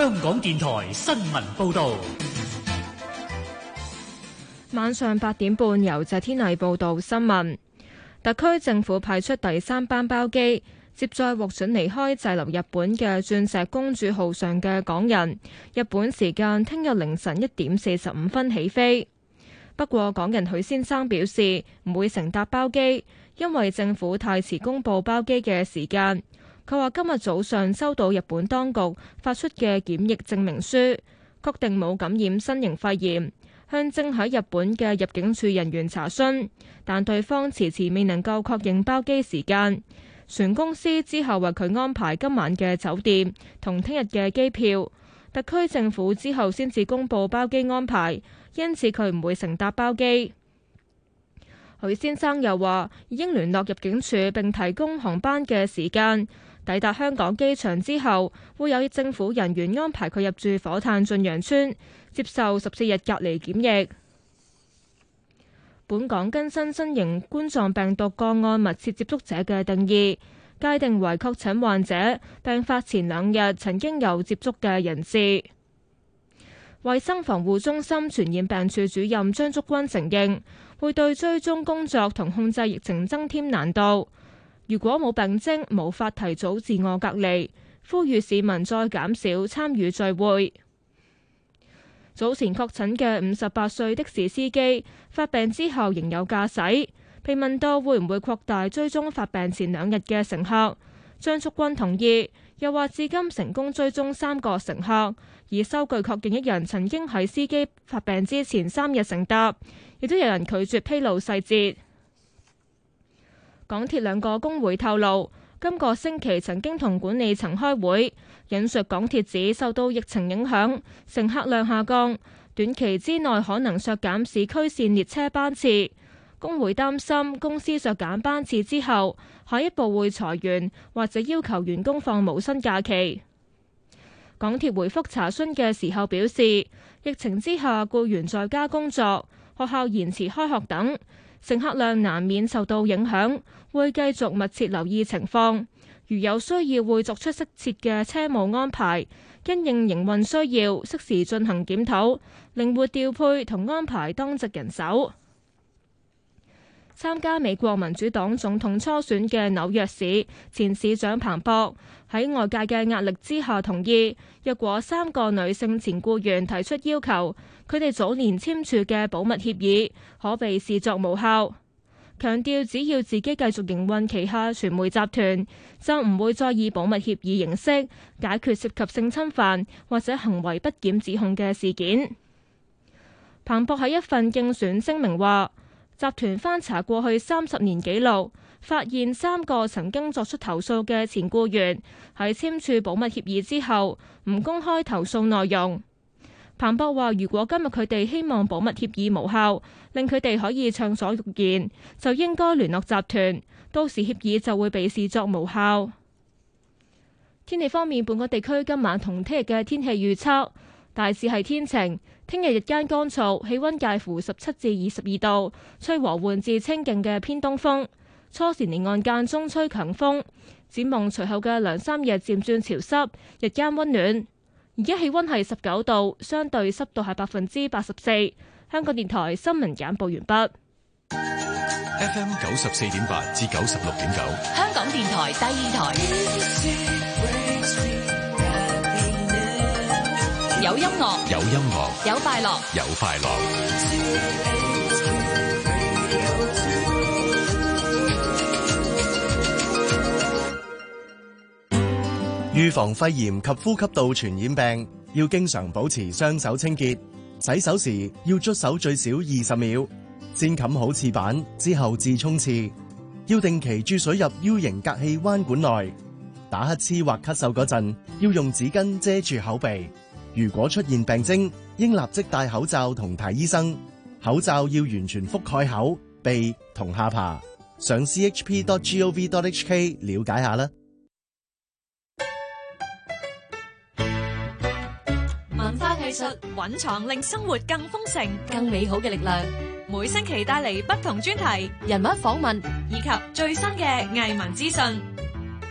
香港電台新聞報道，晚上八點半由謝天麗報道新聞。特區政府派出第三班包機，接載獲准離開滯留日本嘅鑽石公主號上嘅港人。日本時間聽日凌晨一點四十五分起飛。不過，港人許先生表示唔會乘搭包機，因為政府太遲公布包機嘅時間。佢話：今日早上收到日本當局發出嘅檢疫證明書，確定冇感染新型肺炎。向正喺日本嘅入境處人員查詢，但對方遲遲未能夠確認包機時間。船公司之後為佢安排今晚嘅酒店同聽日嘅機票。特區政府之後先至公布包機安排，因此佢唔會乘搭包機。許先生又話：已經聯絡入境處並提供航班嘅時間。抵達香港機場之後，會有政府人員安排佢入住火炭駿洋邨，接受十四日隔離檢疫。本港更新新型冠狀病毒個案密切接觸者嘅定義，界定為確診患者病發前兩日曾經有接觸嘅人士。衛生防護中心傳染病處主任張竹君承認，會對追蹤工作同控制疫情增添難度。如果冇病徵，無法提早自我隔離，呼籲市民再減少參與聚會。早前確診嘅五十八歲的士司機發病之後仍有駕駛，被問到會唔會擴大追蹤發病前兩日嘅乘客，張竹君同意，又話至今成功追蹤三個乘客，以收據確認一人曾經喺司機發病之前三日乘搭，亦都有人拒絕披露細節。港鐵兩個工會透露，今個星期曾經同管理層開會，引述港鐵指受到疫情影響，乘客量下降，短期之內可能削減市區線列車班次。工會擔心公司削減班次之後，下一步會裁員或者要求員工放無薪假期。港鐵回覆查詢嘅時候表示，疫情之下，僱員在家工作、學校延遲開學等。乘客量難免受到影響，會繼續密切留意情況，如有需要會作出適切嘅車務安排，因應營運需要，適時進行檢討，靈活調配同安排當值人手。參加美國民主黨總統初選嘅紐約市前市長彭博喺外界嘅壓力之下同意，若果三個女性前僱員提出要求，佢哋早年簽署嘅保密協議可被視作無效。強調只要自己繼續營運旗下傳媒集團，就唔會再以保密協議形式解決涉及性侵犯或者行為不檢指控嘅事件。彭博喺一份競選聲明話：集團翻查過去三十年紀錄，發現三個曾經作出投訴嘅前僱員喺簽署保密協議之後，唔公開投訴內容。彭博話：如果今日佢哋希望保密協議無效，令佢哋可以暢所欲言，就應該聯絡集團，到時協議就會被視作無效。天氣方面，本港地區今晚同聽日嘅天氣預測。大致係天晴，聽日日間乾燥，氣溫介乎十七至二十二度，吹和緩至清勁嘅偏東風。初時連岸間中吹強風，展望隨後嘅兩三日漸轉潮濕，日間溫暖。而家氣溫係十九度，相對濕度係百分之八十四。香港電台新聞簡報完畢。FM 九十四點八至九十六點九，香港電台第二台。有音樂，有音樂，有快樂，有快樂。預防肺炎及呼吸道傳染病，要經常保持雙手清潔。洗手時要捽手最少二十秒，先冚好廁板之後至沖廁。要定期注水入 U 型隔氣彎管內。打乞嗤或咳嗽嗰陣，要用紙巾遮住口鼻。如果出現病徵，應立即戴口罩同睇醫生。口罩要完全覆蓋口、鼻同下巴。上 chp.gov.hk 了解下啦。文化藝術蘊藏令生活更豐盛、更美好嘅力量。每星期帶嚟不同專題、人物訪問以及最新嘅藝文資訊，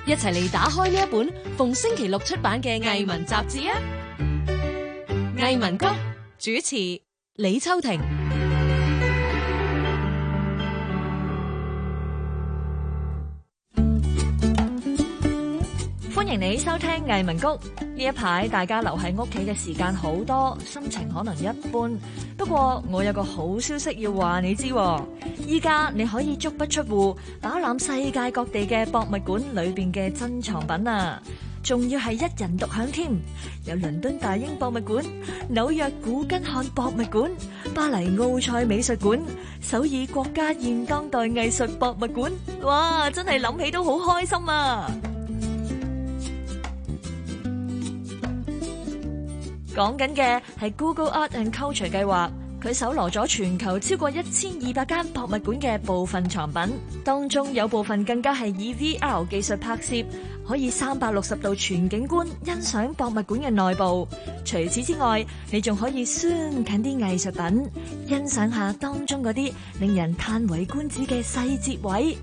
一齊嚟打開呢一本逢星期六出版嘅藝文雜誌啊！藝文谷主持李秋婷，歡迎你收聽藝文谷。呢一排大家留喺屋企嘅時間好多，心情可能一般。不過我有個好消息要話你知，依家你可以足不出戶，飽覽世界各地嘅博物館裏邊嘅珍藏品啊！仲要係一人獨享添，有倫敦大英博物館、紐約古根漢博物館、巴黎奧賽美術館、首爾國家現當代藝術博物館，哇！真係諗起都好開心啊！講緊嘅係 Google Art and Culture 計劃。佢搜羅咗全球超過一千二百間博物館嘅部分藏品，當中有部分更加係以 VR 技術拍攝，可以三百六十度全景觀欣賞博物館嘅內部。除此之外，你仲可以酸近啲藝術品，欣賞下當中嗰啲令人嘆為觀止嘅細節位，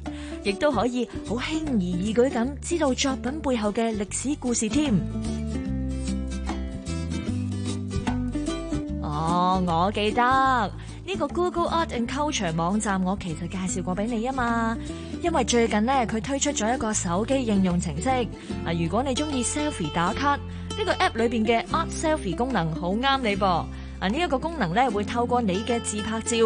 亦都可以好輕而易舉咁知道作品背後嘅歷史故事添。哦，我記得呢、這個 Google Art and Culture 網站，我其實介紹過俾你啊嘛。因為最近咧，佢推出咗一個手機應用程式啊。如果你中意 selfie 打卡，呢、這個 app 裏邊嘅 Art Selfie 功能好啱你噃啊。呢、這、一個功能咧，會透過你嘅自拍照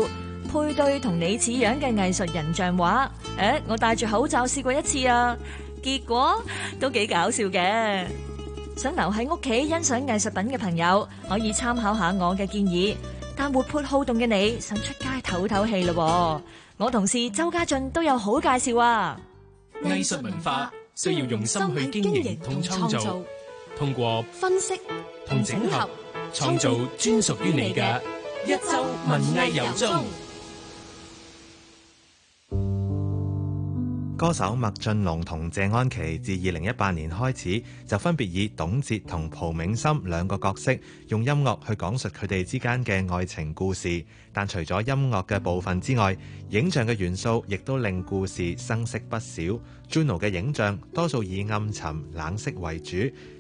配對同你似樣嘅藝術人像畫。誒、哎，我戴住口罩試過一次啊，結果都幾搞笑嘅。想留喺屋企欣賞藝術品嘅朋友可以參考下我嘅建議，但活潑好動嘅你想出街透透氣咯，我同事周家俊都有好介紹啊。藝術文化需要用心去經營同創造，創造通過分析同整合，創造專屬於你嘅一周文藝有鐘。歌手麥浚龍同謝安琪自二零一八年開始就分別以董折同蒲銘心兩個角色，用音樂去講述佢哋之間嘅愛情故事。但除咗音樂嘅部分之外，影像嘅元素亦都令故事生色不少。Juno 嘅影像多數以暗沉冷色為主，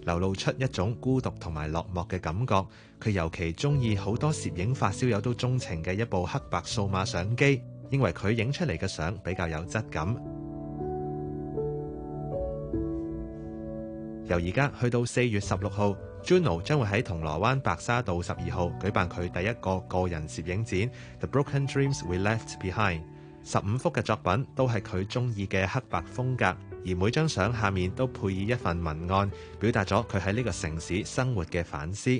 流露出一種孤獨同埋落寞嘅感覺。佢尤其中意好多攝影發燒友都鍾情嘅一部黑白數碼相機，因為佢影出嚟嘅相比較有質感。由而家去到四月十六號，Juno 將會喺銅鑼灣白沙道十二號舉辦佢第一個個人攝影展《The Broken Dreams We Left Behind》。十五幅嘅作品都係佢中意嘅黑白風格，而每張相下面都配以一份文案，表達咗佢喺呢個城市生活嘅反思。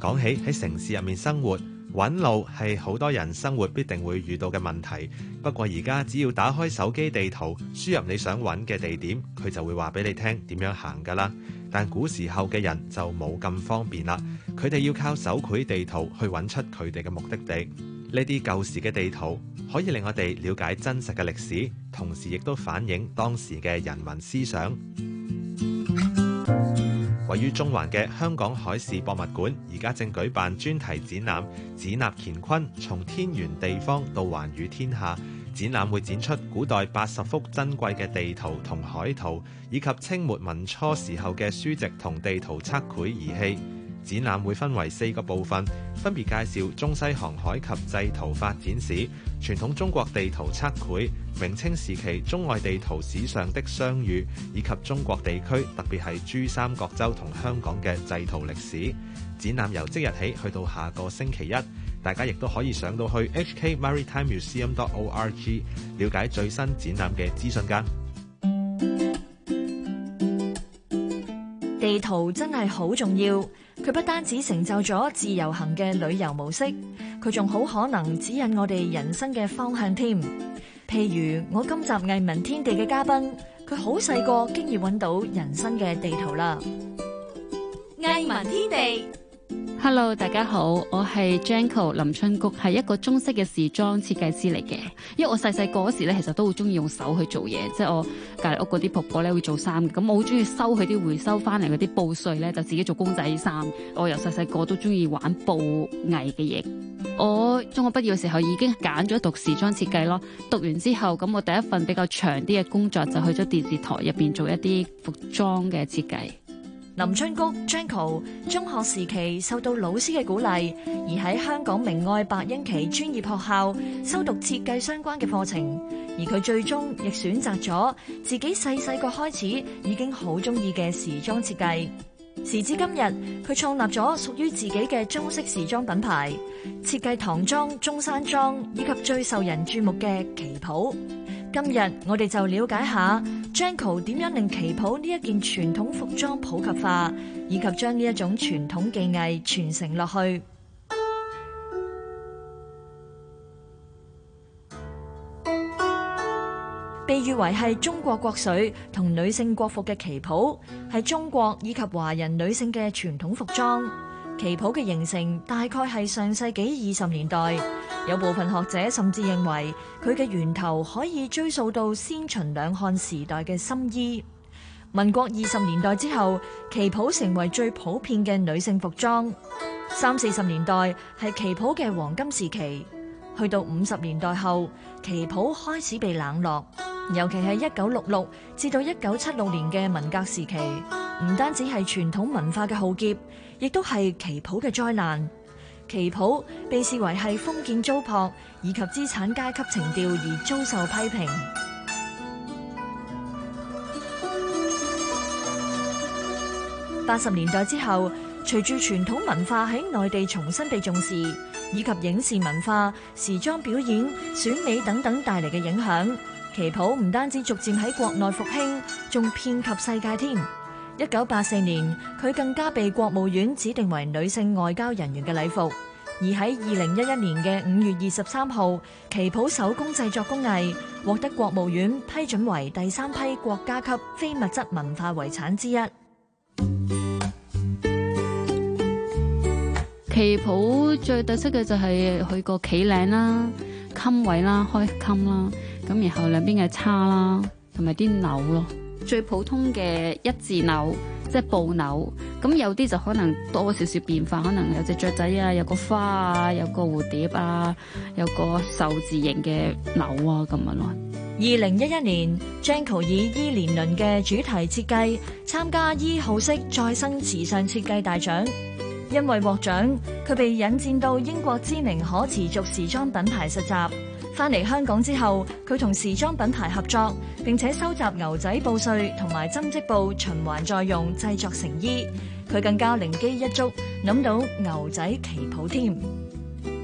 講起喺城市入面生活。揾路係好多人生活必定會遇到嘅問題。不過而家只要打開手機地圖，輸入你想揾嘅地點，佢就會話俾你聽點樣行噶啦。但古時候嘅人就冇咁方便啦，佢哋要靠手繪地圖去揾出佢哋嘅目的地。呢啲舊時嘅地圖可以令我哋了解真實嘅歷史，同時亦都反映當時嘅人民思想。位於中環嘅香港海事博物館，而家正舉辦專題展覽《紫納乾坤：從天圓地方到寰宇天下》。展覽會展出古代八十幅珍貴嘅地圖同海圖，以及清末民初時候嘅書籍同地圖測繪儀器。展覽會分為四個部分，分別介紹中西航海及製圖發展史、傳統中國地圖測繪、明清時期中外地圖史上的相遇，以及中國地區特別係珠三角洲同香港嘅製圖歷史。展覽由即日起去到下個星期一，大家亦都可以上到去 hkmaritimemuseum.org 了解最新展覽嘅資訊間。間地圖真係好重要。佢不單止成就咗自由行嘅旅遊模式，佢仲好可能指引我哋人生嘅方向添。譬如我今集藝文天地嘅嘉賓，佢好細個，經已搵到人生嘅地圖啦。藝文天地。Hello，大家好，我係 Janko 林春菊，係一個中式嘅時裝設計師嚟嘅。因為我細細個嗰時咧，其實都好中意用手去做嘢，即係我隔籬屋嗰啲婆婆咧會做衫，咁我好中意收佢啲回收翻嚟嗰啲布碎咧，就自己做公仔衫。我由細細個都中意玩布藝嘅嘢。我中學畢業嘅時候已經揀咗讀時裝設計咯，讀完之後咁我第一份比較長啲嘅工作就去咗電視台入邊做一啲服裝嘅設計。林春菊，Janko 中學時期受到老師嘅鼓勵，而喺香港明愛白英奇專業學校修讀設計相關嘅課程，而佢最終亦選擇咗自己細細個開始已經好中意嘅時裝設計。時至今日，佢創立咗屬於自己嘅中式時裝品牌，設計唐裝、中山裝以及最受人注目嘅旗袍。今日我哋就了解下 Janko 點樣令旗袍呢一件傳統服裝普及化，以及將呢一種傳統技藝傳承落去。被譽為係中國國粹同女性國服嘅旗袍，係中國以及華人女性嘅傳統服裝。旗袍嘅形成大概係上世紀二十年代，有部分學者甚至認為佢嘅源頭可以追溯到先秦兩漢時代嘅深衣。民國二十年代之後，旗袍成為最普遍嘅女性服裝。三四十年代係旗袍嘅黃金時期，去到五十年代後，旗袍開始被冷落，尤其係一九六六至到一九七六年嘅文革時期。唔單止係傳統文化嘅浩劫，亦都係旗袍嘅災難。旗袍被視為係封建糟粕以及資產階級情調而遭受批評。八十年代之後，隨住傳統文化喺內地重新被重視，以及影視文化、時裝表演、選美等等帶嚟嘅影響，旗袍唔單止逐漸喺國內復興，仲遍及世界添。一九八四年，佢更加被國務院指定為女性外交人員嘅禮服。而喺二零一一年嘅五月二十三號，旗袍手工製作工藝獲得國務院批准為第三批國家級非物質文化遺產之一。旗袍最特色嘅就係佢個企領啦、襟位啦、開襟啦，咁然後兩邊嘅叉啦，同埋啲紐咯。最普通嘅一字紐，即係布紐。咁有啲就可能多少少變化，可能有隻雀仔啊，有個花啊，有個蝴蝶啊，有個壽字形嘅紐啊咁樣咯。二零一一年 Janko 以伊蓮倫嘅主題設計參加伊好式再生慈善設計大獎，因為獲獎，佢被引薦到英國知名可持續時裝品牌實習。返嚟香港之後，佢同時裝品牌合作，並且收集牛仔布碎同埋針織布循環再用製作成衣。佢更加靈機一觸，諗到牛仔旗袍添。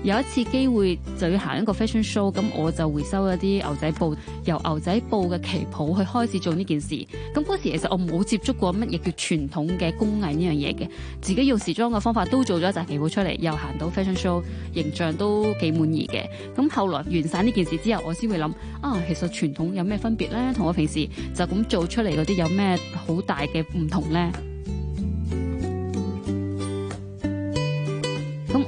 有一次機會就要行一個 fashion show，咁我就回收一啲牛仔布，由牛仔布嘅旗袍去開始做呢件事。咁嗰時其實我冇接觸過乜嘢叫傳統嘅工藝呢樣嘢嘅，自己用時裝嘅方法都做咗一紮旗袍出嚟，又行到 fashion show，形象都幾滿意嘅。咁後來完曬呢件事之後，我先會諗啊，其實傳統有咩分別咧？同我平時就咁做出嚟嗰啲有咩好大嘅唔同咧？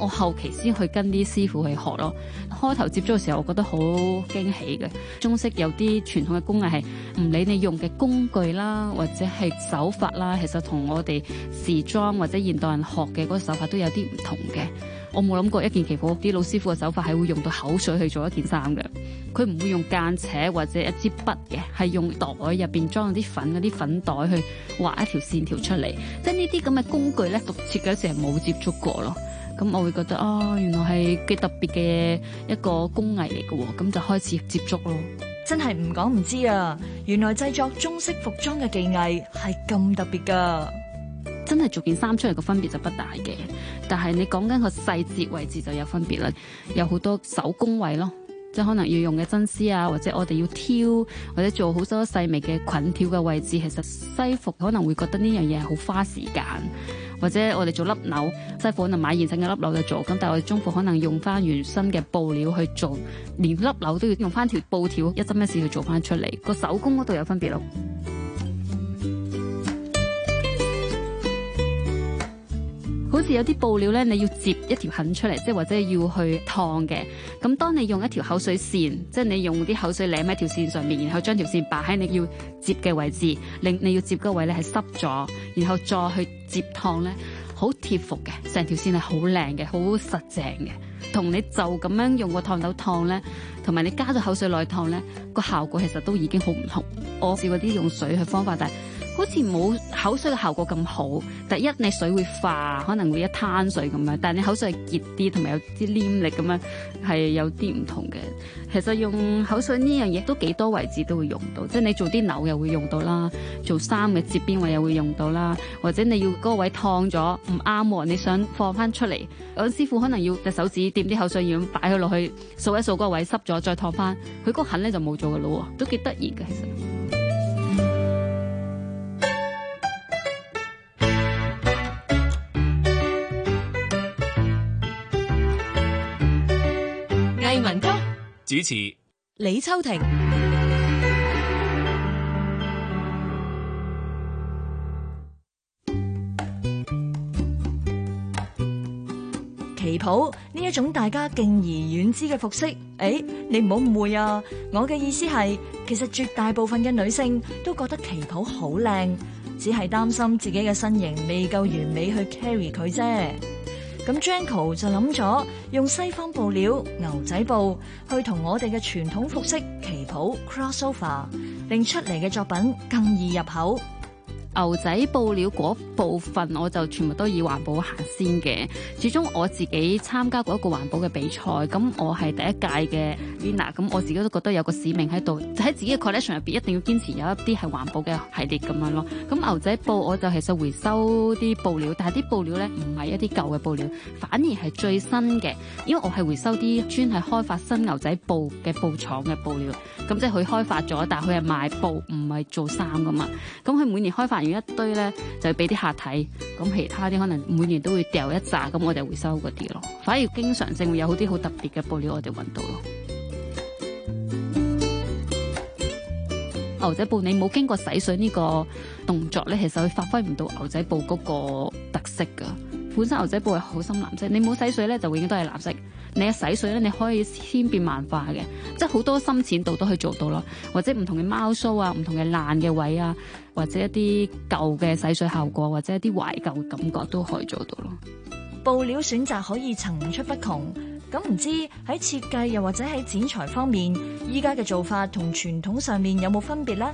我後期先去跟啲師傅去學咯。開頭接觸嘅時候，我覺得好驚喜嘅。中式有啲傳統嘅工藝係唔理你用嘅工具啦，或者係手法啦。其實同我哋時裝或者現代人學嘅嗰個手法都有啲唔同嘅。我冇諗過一件旗袍啲老師傅嘅手法係會用到口水去做一件衫嘅。佢唔會用間尺或者一支筆嘅，係用袋入邊裝咗啲粉嗰啲粉袋去畫一條線條出嚟。即係呢啲咁嘅工具咧，讀設計嗰時係冇接觸過咯。咁我會覺得啊、哦，原來係幾特別嘅一個工藝嚟嘅。哦，咁就開始接觸咯。真係唔講唔知啊，原來製作中式服裝嘅技藝係咁特別噶真係做件衫出嚟個分別就不大嘅，但係你講緊個細節位置就有分別啦，有好多手工位咯，即係可能要用嘅真絲啊，或者我哋要挑或者做好多細微嘅滾條嘅位置，其實西服可能會覺得呢樣嘢係好花時間。或者我哋做粒紐西服可能買現成嘅粒紐去做，咁但係我哋中服可能用翻原身嘅布料去做，連粒紐都要用翻條布條一針一線去做翻出嚟，個手工嗰度有分別咯。好似有啲布料咧，你要接一條痕出嚟，即係或者要去燙嘅。咁當你用一條口水線，即係你用啲口水舐喺條線上面，然後將條線擺喺你要接嘅位置，令你要接嗰位咧係濕咗，然後再去接燙咧，好貼服嘅，成條線係好靚嘅，好實淨嘅。同你就咁樣用個燙斗燙咧，同埋你加咗口水落去燙咧，個效果其實都已經好唔同。我試過啲用水嘅方法，但係，好似冇口水嘅效果咁好，第一你水會化，可能會一灘水咁樣，但係你口水係結啲，同埋有啲黏力咁樣，係有啲唔同嘅。其實用口水呢樣嘢都幾多位置都會用到，即係你做啲紐又會用到啦，做衫嘅接邊位又會用到啦，或者你要嗰個位燙咗唔啱喎，你想放翻出嚟，有啲師傅可能要隻手指掂啲口水，要咁擺佢落去，掃一掃嗰個位濕咗，再燙翻，佢嗰痕咧就冇做噶啦，都幾得意嘅其實。主持李秋婷，旗袍呢一種大家敬而遠之嘅服飾，誒、哎，你唔好誤會啊！我嘅意思係，其實絕大部分嘅女性都覺得旗袍好靚，只係擔心自己嘅身形未夠完美去 carry 佢啫。咁 Janko 就諗咗用西方布料牛仔布去同我哋嘅傳統服飾旗袍 crossover，令出嚟嘅作品更易入口。牛仔布料嗰部分我就全部都以環保行先嘅，始終我自己參加過一個環保嘅比賽，咁我係第一屆嘅 Lina 咁我自己都覺得有個使命喺度，就喺自己嘅 collection 入邊一定要堅持有一啲係環保嘅系列咁樣咯。咁牛仔布我就其實回收啲布料，但係啲布料咧唔係一啲舊嘅布料，反而係最新嘅，因為我係回收啲專係開發新牛仔布嘅布廠嘅布料，咁即係佢開發咗，但係佢係賣布唔係做衫噶嘛，咁佢每年開發。一堆咧就俾啲客睇，咁其他啲可能每年都會掉一扎，咁我就回收嗰啲咯。反而經常性會有好啲好特別嘅布料，我哋揾到咯。牛仔布你冇經過洗水呢個動作咧，其實會發揮唔到牛仔布嗰個特色噶。本身牛仔布係好深藍色，你冇洗水咧，就會都係藍色。你嘅洗水咧，你可以千變萬化嘅，即係好多深淺度都可以做到咯，或者唔同嘅貓須啊，唔同嘅爛嘅位啊，或者一啲舊嘅洗水效果，或者一啲懷舊嘅感覺都可以做到咯。布料選擇可以層出不窮，咁唔知喺設計又或者喺剪裁方面，依家嘅做法同傳統上面有冇分別呢？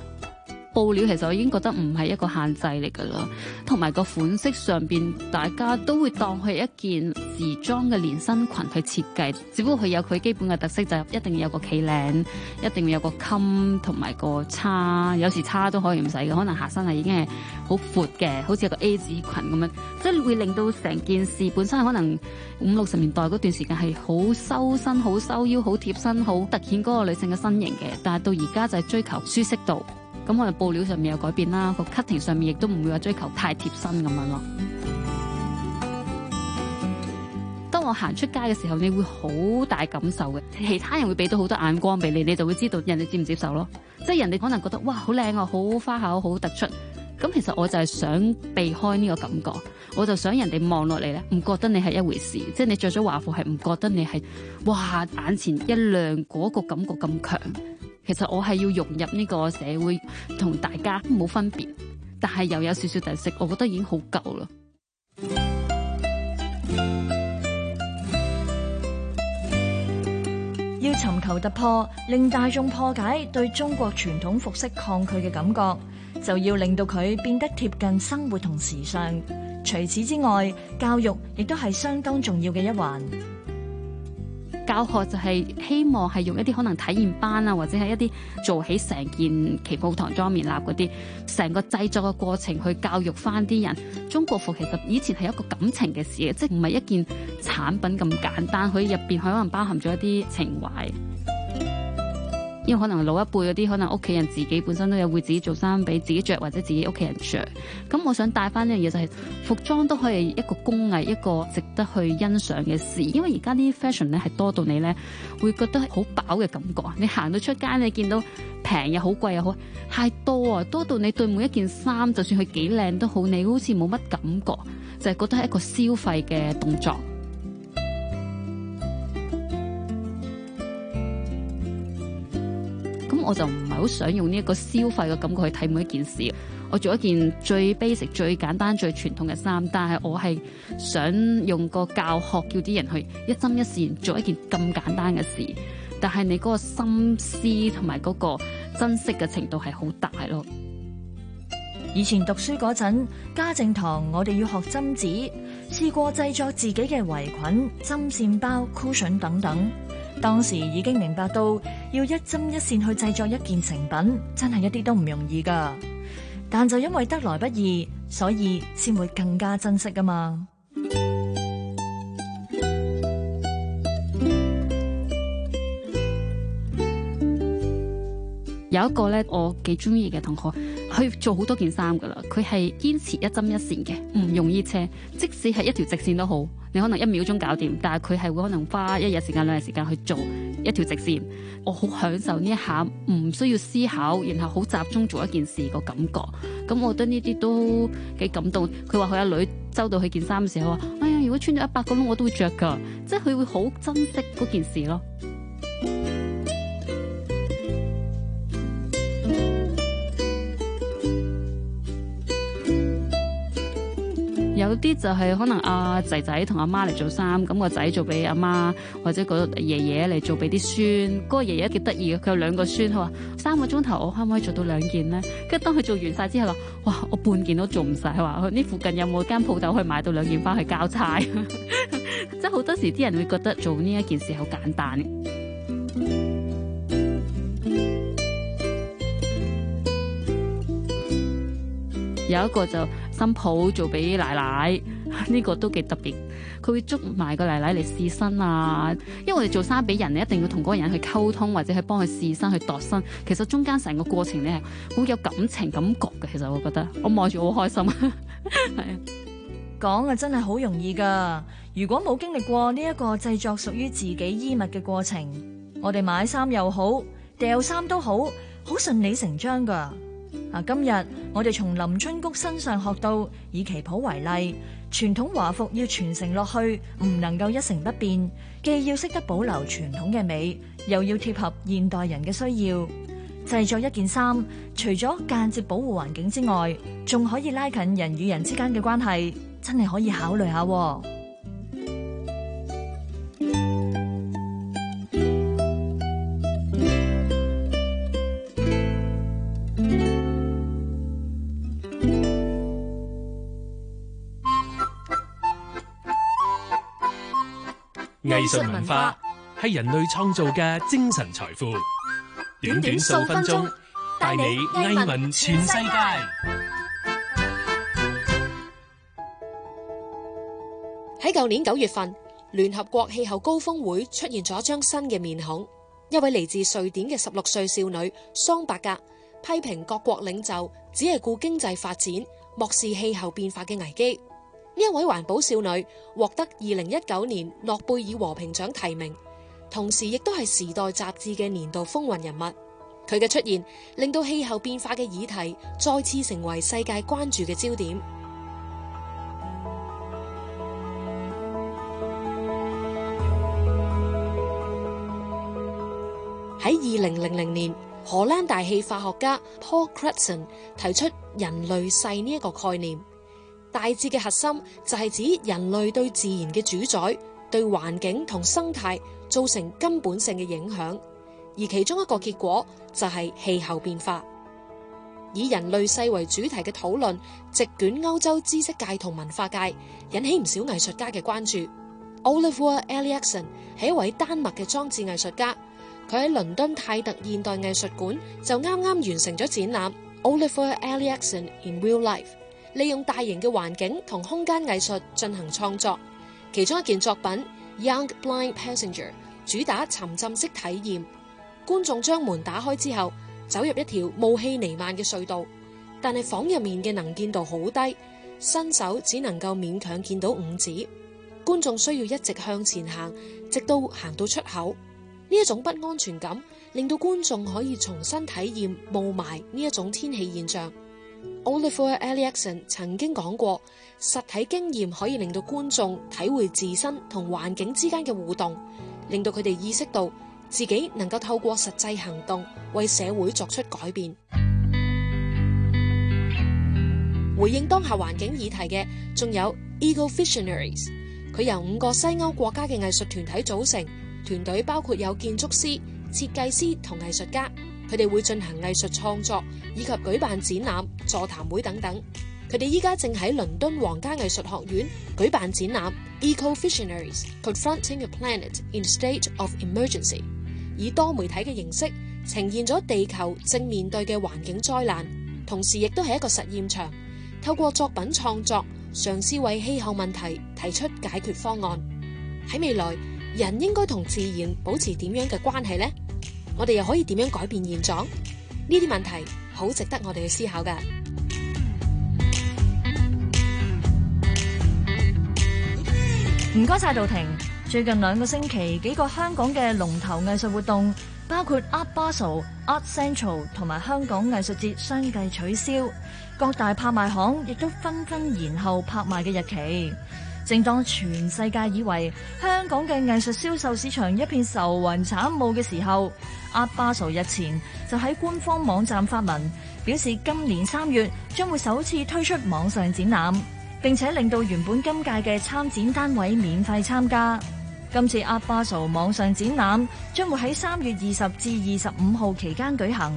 布料其實我已經覺得唔係一個限制嚟㗎啦，同埋個款式上邊，大家都會當佢一件時裝嘅連身裙去設計。只不過佢有佢基本嘅特色，就一定要有個企領，一定要有個襟同埋個叉。有時叉都可以唔使嘅，可能下身係已經係好闊嘅，好似個 A 字裙咁樣，即係會令到成件事本身可能五六十年代嗰段時間係好修身、好收腰、好貼身、好突顯嗰個女性嘅身形嘅。但係到而家就係追求舒適度。咁我哋布料上面有改變啦，個 cutting 上面亦都唔會話追求太貼身咁樣咯。 當我行出街嘅時候，你會好大感受嘅。其他人會俾到好多眼光俾你，你就會知道人哋接唔接受咯。即係人哋可能覺得哇，好靚啊，好花巧，好突出。咁其實我就係想避開呢個感覺，我就想人哋望落嚟咧，唔覺得你係一回事。即係你着咗華服係唔覺得你係哇眼前一亮嗰個感覺咁強。其實我係要融入呢個社會，同大家冇分別，但係又有少少特色，我覺得已經好夠喇。要尋求突破，令大眾破解對中國傳統服飾抗拒嘅感覺，就要令到佢變得貼近生活同時尚。除此之外，教育亦都係相當重要嘅一環。教學就係希望係用一啲可能體驗班啊，或者係一啲做起成件旗袍唐裝棉衲嗰啲，成個製作嘅過程去教育翻啲人。中國服其實以前係一個感情嘅事，即係唔係一件產品咁簡單，佢入邊可能包含咗一啲情懷。因為可能老一輩嗰啲，可能屋企人自己本身都有會自己做衫俾自己着，或者自己屋企人着。咁我想帶翻呢樣嘢就係服裝都可以一個工藝一個值得去欣賞嘅事。因為而家啲 fashion 咧係多到你咧會覺得好飽嘅感覺。你行到出街你見到平又好貴又好太多啊，多到你對每一件衫就算佢幾靚都好，你好似冇乜感覺，就係覺得係一個消費嘅動作。我就唔係好想用呢一個消費嘅感覺去睇每一件事。我做一件最 basic、最簡單、最傳統嘅衫，但係我係想用個教學叫啲人去一針一綫做一件咁簡單嘅事。但係你嗰個心思同埋嗰個珍惜嘅程度係好大咯。以前讀書嗰陣，家政堂我哋要學針黹，試過製作自己嘅圍裙、針綫包、cushion 等等。當時已經明白到，要一針一線去製作一件成品，真係一啲都唔容易噶。但就因為得來不易，所以先會更加珍惜噶嘛。有一個咧，我幾中意嘅同學，佢做好多件衫噶啦。佢係堅持一針一線嘅，唔容易車，即使係一條直線都好，你可能一秒鐘搞掂，但係佢係會可能花一日時間、兩日時間去做一條直線。我好享受呢一下，唔需要思考，然後好集中做一件事個感覺。咁我覺得呢啲都幾感動。佢話佢阿女收到佢件衫嘅時候，話哎呀，如果穿咗一百個窿，我都會着噶，即係佢會好珍惜嗰件事咯。有啲就係可能阿仔仔同阿媽嚟做衫，咁個仔做俾阿媽，或者個爺爺嚟做俾啲孫。嗰個爺爺幾得意，佢有兩個孫，佢話三個鐘頭我可唔可以做到兩件呢？跟住當佢做完晒之後話：「哇！我半件都做唔晒。」話佢呢，附近有冇間鋪頭可以買到兩件翻去交差。即係好多時啲人會覺得做呢一件事好簡單。有一個就，新抱做俾奶奶呢個都幾特別，佢會捉埋個奶奶嚟試身啊！因為我哋做衫俾人咧，一定要同嗰個人去溝通，或者去幫佢試身去度身。其實中間成個過程咧，好有感情感覺嘅。其實我覺得，我望住好開心啊。講啊真係好容易噶。如果冇經歷過呢一個製作屬於自己衣物嘅過程，我哋買衫又好，掉衫都好，好順理成章噶。嗱，今日我哋從林春菊身上學到，以旗袍為例，傳統華服要傳承落去，唔能夠一成不變，既要識得保留傳統嘅美，又要貼合現代人嘅需要。製作一件衫，除咗間接保護環境之外，仲可以拉近人與人之間嘅關係，真係可以考慮下。藝術文化係人類創造嘅精神財富。短短數分鐘，帶你藝聞全世界。喺舊年九月份，聯合國氣候高峰會出現咗一張新嘅面孔，一位嚟自瑞典嘅十六歲少女桑伯格，批評各國領袖只係顧經濟發展，漠視氣候變化嘅危機。呢位環保少女獲得二零一九年諾貝爾和平獎提名，同時亦都係《時代》雜誌嘅年度風雲人物。佢嘅出現令到氣候變化嘅議題再次成為世界關注嘅焦點。喺二零零零年，荷蘭大氣化學家 Paul Crutzen 提出人類世呢一個概念。大致嘅核心就係指人類對自然嘅主宰，對環境同生態造成根本性嘅影響，而其中一個結果就係氣候變化。以人類世為主題嘅討論，席捲歐洲知識界同文化界，引起唔少藝術家嘅關注。Oliver Eliasson 係一位丹麥嘅裝置藝術家，佢喺倫敦泰，泰特現代藝術館就啱啱完成咗展覽《Oliver Eliasson in Real Life》。利用大型嘅環境同空間藝術進行創作，其中一件作品《Young Blind Passenger》主打沉浸式體驗。觀眾將門打開之後，走入一條霧氣彌漫嘅隧道，但係房入面嘅能見度好低，伸手只能夠勉強見到五指。觀眾需要一直向前行，直到行到出口。呢一種不安全感令到觀眾可以重新體驗霧霾呢一種天氣現象。Olafur Eliasson 曾經講過，實體經驗可以令到觀眾體會自身同環境之間嘅互動，令到佢哋意識到自己能夠透過實際行動為社會作出改變。 回應當下環境議題嘅，仲有 Eco Visionaries，佢由五個西歐國家嘅藝術團體組成，團隊包括有建築師、設計師同藝術家。佢哋會進行藝術創作以及舉辦展覽、座談會等等。佢哋依家正喺倫敦皇家藝術學院舉辦展覽《Eco Visionaries Confronting a Planet in the State of Emergency》，以多媒體嘅形式呈現咗地球正面對嘅環境災難，同時亦都係一個實驗場，透過作品創作，嘗試為氣候問題提出解決方案。喺未來，人應該同自然保持點樣嘅關係呢？我哋又可以點樣改變現狀？呢啲問題好值得我哋去思考噶。唔該晒杜婷。最近兩個星期，幾個香港嘅龍頭藝術活動，包括 Art Basel、Art Central 同埋香港藝術節相繼取消，各大拍賣行亦都紛紛延後拍賣嘅日期。正當全世界以為香港嘅藝術銷售市場一片愁雲慘霧嘅時候，阿巴蘇日前就喺官方網站發文，表示今年三月將會首次推出網上展覽，並且令到原本今屆嘅參展單位免費參加。今次阿巴蘇網上展覽將會喺三月二十至二十五號期間舉行，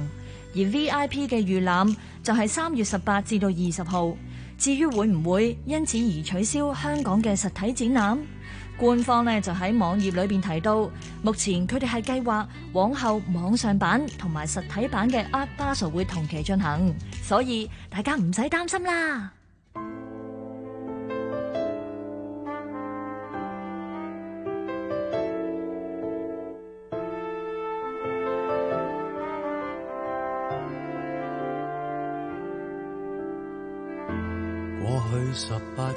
而 V I P 嘅預覽就係三月十八至到二十號。至於會唔會因此而取消香港嘅實體展覽？官方咧就喺網頁裏邊提到，目前佢哋係計劃往後網上版同埋實體版嘅 Art Basel 會同期進行，所以大家唔使擔心啦。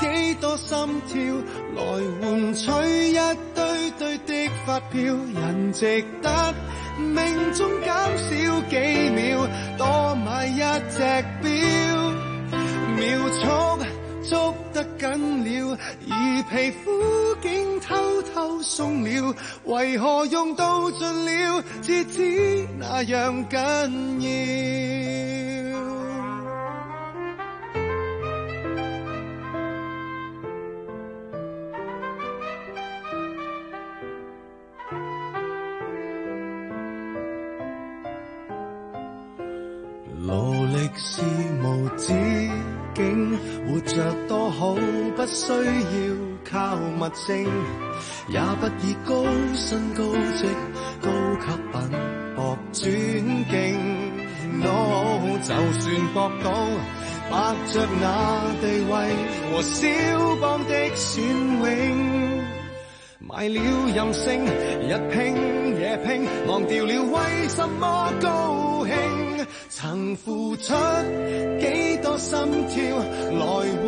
幾多心跳來換取一堆堆的發票？人值得命中減少幾秒，多買一隻錶。秒速捉得緊了，而皮膚竟偷偷鬆了，為何用到盡了，至知那樣緊要？需要靠物證，也不以高薪高職高級品博尊敬。No, 就算博到白著那地位和肖邦的雋永，買了任性，日拼夜拼，忘掉了為什麼高興，曾付出幾多心跳來。